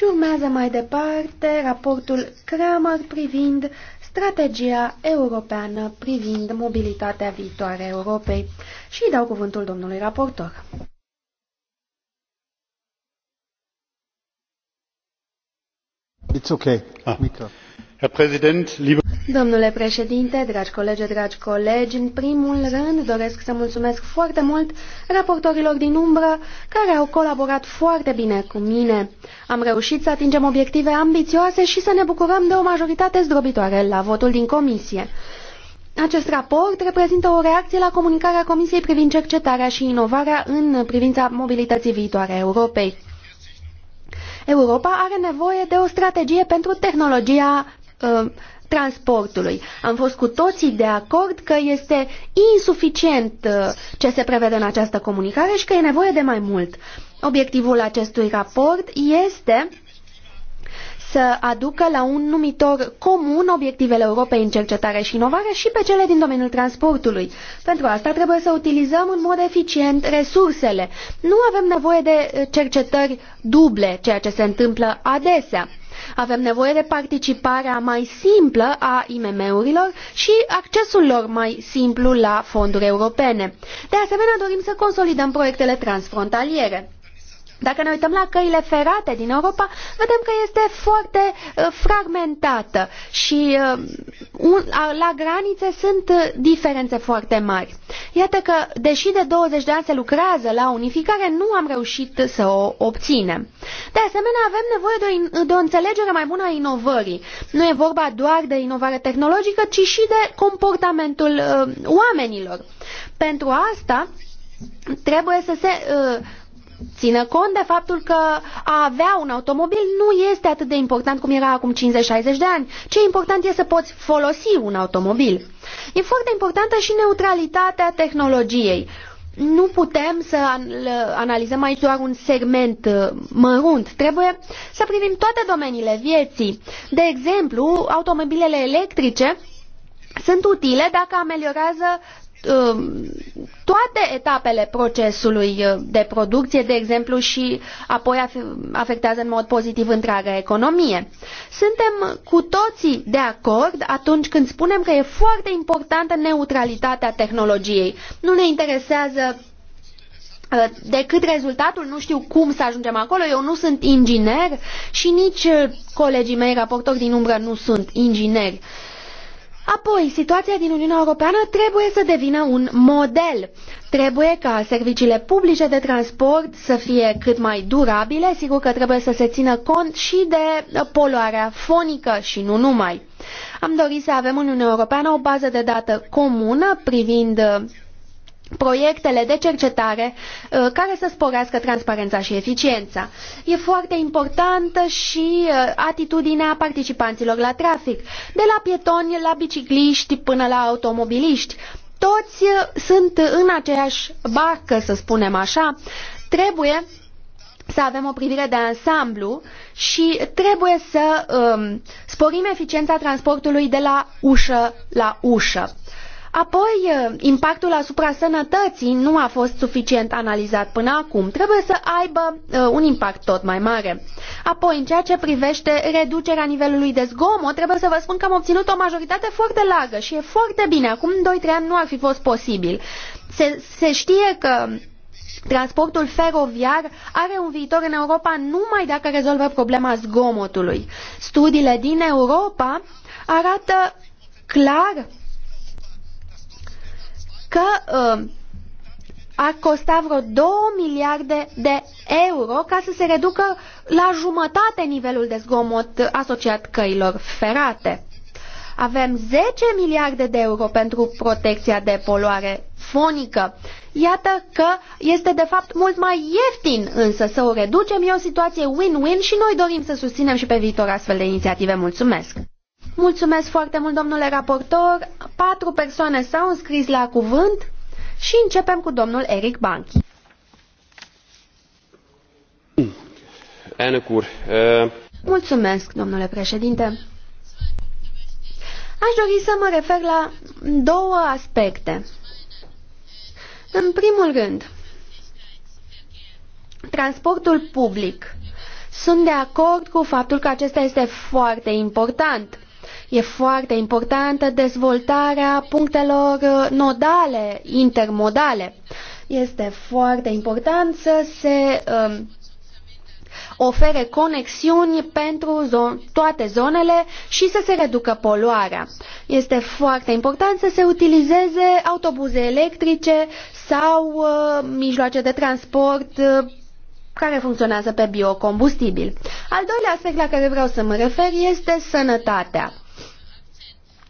Și urmează mai departe raportul Kramer privind strategia europeană privind mobilitatea viitoare a Europei. Și îi dau cuvântul domnului raportor. It's okay. Ah. Herr Präsident, liebe Domnule președinte, dragi colegi, dragi colegi, în primul rând doresc să mulțumesc foarte mult raportorilor din umbră care au colaborat foarte bine cu mine. Am reușit să atingem obiective ambițioase și să ne bucurăm de o majoritate zdrobitoare la votul din comisie. Acest raport reprezintă o reacție la comunicarea Comisiei privind cercetarea și inovarea în privința mobilității viitoare a Europei. Europa are nevoie de o strategie pentru tehnologia uh, transportului. Am fost cu toții de acord că este insuficient uh, ce se prevede în această comunicare și că e nevoie de mai mult. Obiectivul acestui raport este să aducă la un numitor comun obiectivele Europei în cercetare și inovare și pe cele din domeniul transportului. Pentru asta trebuie să utilizăm în mod eficient resursele. Nu avem nevoie de uh, cercetări duble, ceea ce se întâmplă adesea. Avem nevoie de participarea mai simplă a IMM-urilor și accesul lor mai simplu la fonduri europene. De asemenea, dorim să consolidăm proiectele transfrontaliere. Dacă ne uităm la căile ferate din Europa, vedem că este foarte uh, fragmentată și uh, la granițe sunt uh, diferențe foarte mari. Iată că, deși de 20 de ani se lucrează la unificare, nu am reușit să o obținem. De asemenea, avem nevoie de o, de o înțelegere mai bună a inovării. Nu e vorba doar de inovare tehnologică, ci și de comportamentul uh, oamenilor. Pentru asta trebuie să se uh, țină cont de faptul că a avea un automobil nu este atât de important cum era acum 50-60 de ani. Ce important e să poți folosi un automobil. E foarte importantă și neutralitatea tehnologiei. Nu putem să analizăm aici doar un segment uh, mărunt. Trebuie să privim toate domeniile vieții. De exemplu, automobilele electrice sunt utile dacă ameliorează Uh, toate etapele procesului uh, de producție, de exemplu, și apoi afectează în mod pozitiv întreaga economie. Suntem cu toții de acord atunci când spunem că e foarte importantă neutralitatea tehnologiei. Nu ne interesează uh, decât rezultatul, nu știu cum să ajungem acolo, eu nu sunt inginer și nici colegii mei raportori din umbră nu sunt ingineri. Uh, Apoi, situația din Uniunea Europeană trebuie să devină un model. Trebuie ca serviciile publice de transport să fie cât mai durabile, sigur că trebuie să se țină cont și de poluarea fonică și nu numai. Am dorit să avem în Uniunea Europeană o bază de dată comună privind proiectele de cercetare uh, care să sporească transparența și eficiența. E foarte importantă și uh, atitudinea participanților la trafic, de la pietoni la bicicliști până la automobiliști. Toți uh, sunt în aceeași barcă, să spunem așa. Trebuie să avem o privire de ansamblu și trebuie să um, sporim eficiența transportului de la ușă la ușă. Apoi, impactul asupra sănătății nu a fost suficient analizat până acum. Trebuie să aibă un impact tot mai mare. Apoi, în ceea ce privește reducerea nivelului de zgomot, trebuie să vă spun că am obținut o majoritate foarte largă și e foarte bine. Acum 2-3 ani nu ar fi fost posibil. Se, se știe că Transportul feroviar are un viitor în Europa numai dacă rezolvă problema zgomotului. Studiile din Europa arată clar că uh, ar costa vreo 2 miliarde de euro ca să se reducă la jumătate nivelul de zgomot asociat căilor ferate. Avem 10 miliarde de euro pentru protecția de poluare fonică. Iată că este de fapt mult mai ieftin însă să o reducem. E o situație win-win și noi dorim să susținem și pe viitor astfel de inițiative. Mulțumesc! Mulțumesc foarte mult, domnule raportor. Patru persoane s-au înscris la cuvânt și începem cu domnul Eric Banchi. Mulțumesc, domnule președinte. Aș dori să mă refer la două aspecte. În primul rând, transportul public. Sunt de acord cu faptul că acesta este foarte important E foarte importantă dezvoltarea punctelor uh, nodale, intermodale. Este foarte important să se uh, ofere conexiuni pentru zo- toate zonele și să se reducă poluarea. Este foarte important să se utilizeze autobuze electrice sau uh, mijloace de transport uh, care funcționează pe biocombustibil. Al doilea aspect la care vreau să mă refer este sănătatea.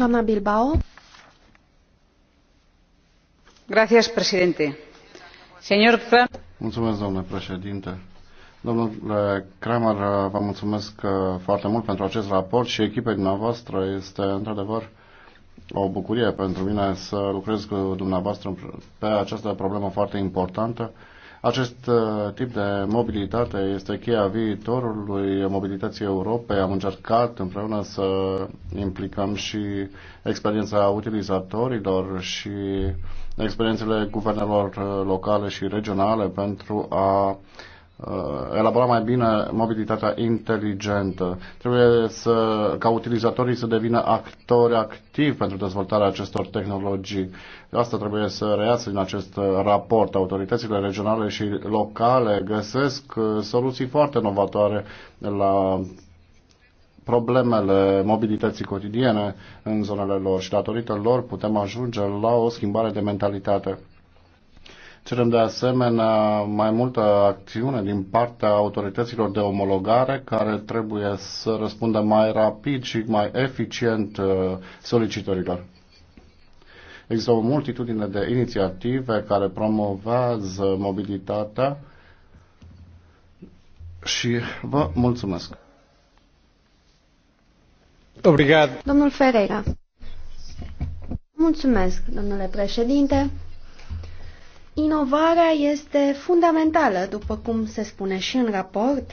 Doamnă Bilbao. Mulțumesc, doamnă președinte. Domnule Kramer, vă mulțumesc uh, foarte mult pentru acest raport și echipei dumneavoastră. Este într-adevăr o bucurie pentru mine să lucrez cu dumneavoastră pe această problemă foarte importantă. Acest uh, tip de mobilitate este cheia viitorului mobilității Europei. Am încercat împreună să implicăm și experiența utilizatorilor și experiențele guvernelor uh, locale și regionale pentru a Uh, elabora mai bine mobilitatea inteligentă. Trebuie să, ca utilizatorii să devină actori activi pentru dezvoltarea acestor tehnologii. Asta trebuie să reiasă din acest raport. Autoritățile regionale și locale găsesc uh, soluții foarte novatoare la problemele mobilității cotidiene în zonele lor și datorită lor putem ajunge la o schimbare de mentalitate. Cerem de asemenea mai multă acțiune din partea autorităților de omologare care trebuie să răspundă mai rapid și mai eficient uh, solicitorilor. Există o multitudine de inițiative care promovează mobilitatea și vă mulțumesc. Obrigat. Domnul Ferreira. Mulțumesc, domnule președinte. Inovarea este fundamentală, după cum se spune și în raport,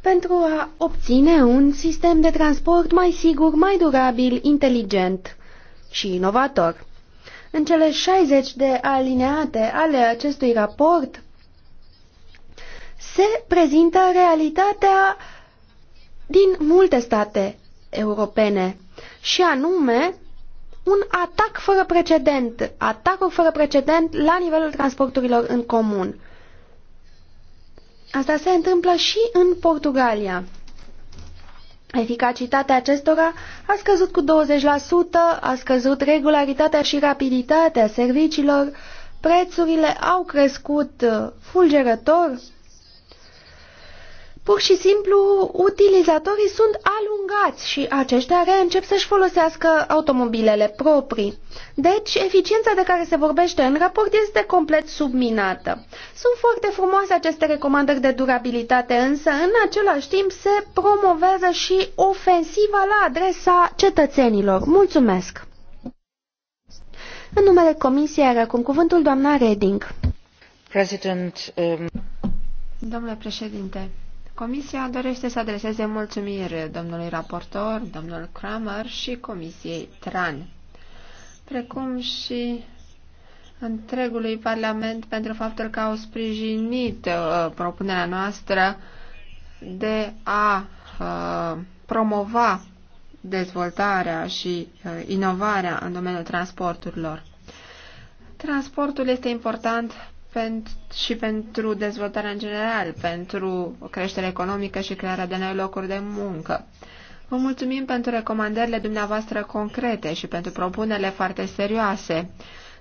pentru a obține un sistem de transport mai sigur, mai durabil, inteligent și inovator. În cele 60 de alineate ale acestui raport se prezintă realitatea din multe state europene și anume un atac fără precedent, atacul fără precedent la nivelul transporturilor în comun. Asta se întâmplă și în Portugalia. Eficacitatea acestora a scăzut cu 20%, a scăzut regularitatea și rapiditatea serviciilor, prețurile au crescut uh, fulgerător, Pur și simplu, utilizatorii sunt alungați și aceștia reîncep să-și folosească automobilele proprii. Deci, eficiența de care se vorbește în raport este complet subminată. Sunt foarte frumoase aceste recomandări de durabilitate, însă, în același timp, se promovează și ofensiva la adresa cetățenilor. Mulțumesc! În numele Comisiei are acum cuvântul doamna Reding. President, um... Domnule președinte, Comisia dorește să adreseze mulțumiri domnului raportor, domnul Kramer și Comisiei TRAN, precum și întregului Parlament pentru faptul că au sprijinit uh, propunerea noastră de a uh, promova dezvoltarea și uh, inovarea în domeniul transporturilor. Transportul este important și pentru dezvoltarea în general, pentru o creștere economică și crearea de noi locuri de muncă. Vă mulțumim pentru recomandările dumneavoastră concrete și pentru propunerile foarte serioase.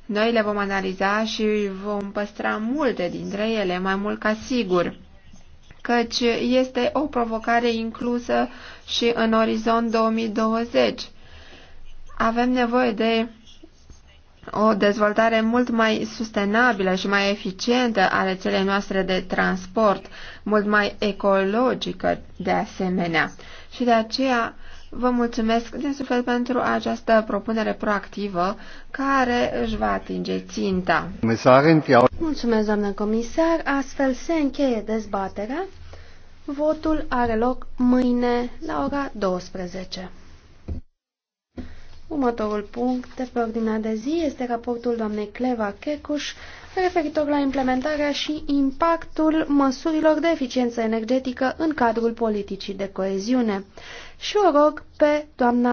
Noi le vom analiza și vom păstra multe dintre ele, mai mult ca sigur, căci este o provocare inclusă și în orizont 2020. Avem nevoie de o dezvoltare mult mai sustenabilă și mai eficientă a rețelei noastre de transport, mult mai ecologică de asemenea. Și de aceea vă mulțumesc din suflet pentru această propunere proactivă care își va atinge ținta. Mulțumesc, doamnă comisar. Astfel se încheie dezbaterea. Votul are loc mâine la ora 12. Următorul punct de pe ordinea de zi este raportul doamnei Cleva Checuș referitor la implementarea și impactul măsurilor de eficiență energetică în cadrul politicii de coeziune. Și o rog pe doamna